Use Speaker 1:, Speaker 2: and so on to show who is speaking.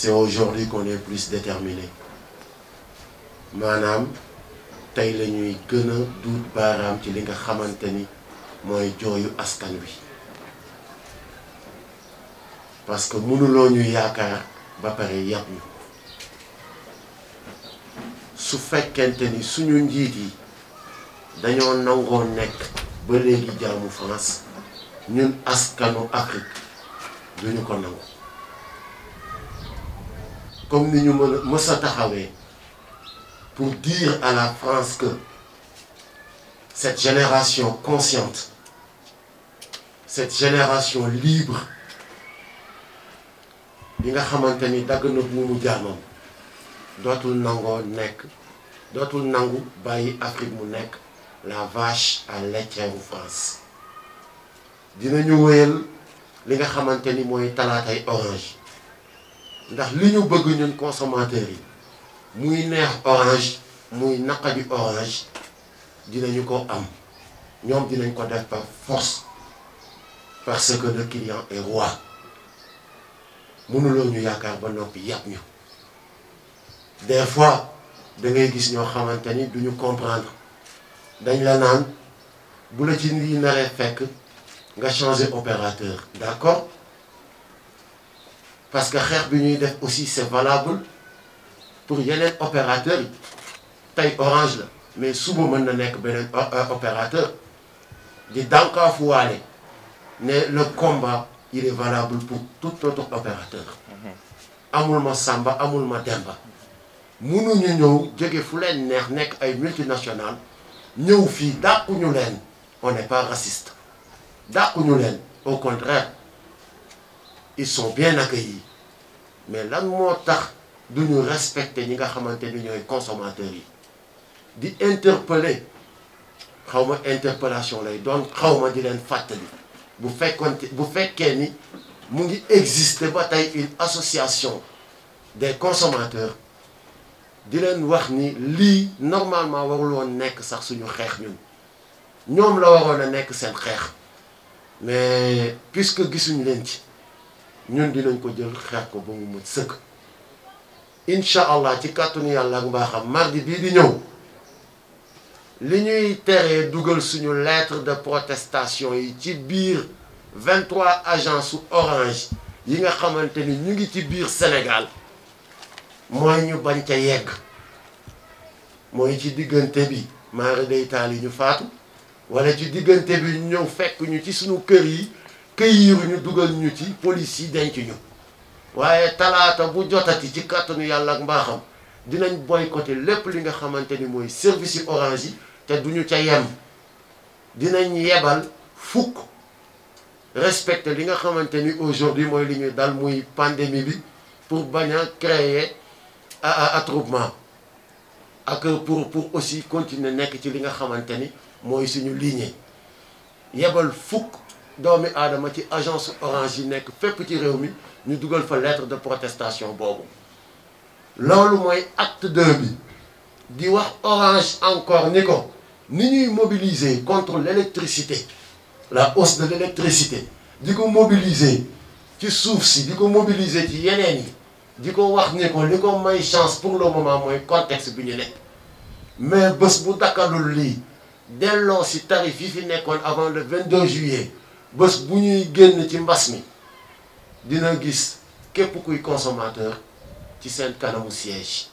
Speaker 1: c'est aujourd'hui qu'on est plus déterminé Manam, tay la ñuy gën a duut ci li nga xamanteni moy mooy askan wi parce que mënuloo ñu yaakaar ba pare yàpp ñu su fekkente ni suñu njiit yi dañoo nangoo nekk ba léegi jaamu France ñun askanu Afrique duñu ko nangu comme nous sommes pour dire à la France que cette génération consciente cette génération libre bi nga xamante ni dagg na buumu jaamam nous la vache à en France ndax li ñu bëgg ñun consommateurs yi muy neex orange muy naqadi orange dinañu ko am ñoom dinañ ko def par force parce que le client est roi mënuloo ñu yaakaar ba noppi yàpp ñu des fois da ngay gis ñoo xamante ni duñu comprendre dañ la naan bu la ci lii naree fekk nga changer opérateur d'accord parce que aussi c'est valable pour y opérateurs Orange là mais vous euh, opérateur aller mais le combat il est valable pour tout autre opérateur mhm. amul Samba Demba multinationales Nous on n'est pas raciste au contraire ils sont bien accueillis mais là nous tax nous respecter ñi nga nous ni consommateurs yi interpeller interpellation lay doon xaw Vous di une association des consommateurs di wax ni normalement nous nek sax suñu nous nous la nek mais puisque nous sommes ci. Nous avons ko jël nous ko ba mu mën sëkk incha allah ci yàlla ak mardi bii di ñëw li ñuy lettre de protestation ci 23 agence orange yi nga xamante ni ñu ngi ci biir Sénégal mooy ñu bañ ca yegg mooy ci bi day taal yi wala ci bi ñëw këyiru ñu dugal ñu ci police yi denc ñu waaye talaata bu jotati ci kàttanu yàlla ak mbaaxam dinañ boycotter lépp li nga xamante ni mooy service yi orange yi te duñu ca dinañ yebal fukk respecter li nga xamante ni aujourd'hui mooy li ñuy dal muy pandémie bi pour bañ a créer attroupement ak pour pour aussi continuer nekk ci li nga xamante ni mooy suñu lignée yebal fukk à la ci agence orange yi fait petit ci nous mi ñu fa lettre de protestation boobu le moyen acte de bi di wax orange encore ni ko ni ñuy mobiliser contre l'électricité la hausse de l'électricité di ko mobiliser ci souffres si di mobiliser ci yeneen yi di ko wax ni ko may chance pour le moment le contexte bi ñu mais bés bu dakkalul lii delloo si tarif yi fi avant le 22 juillet vous avez ñuy génn ci dina gis képp kuy consommateur ci siège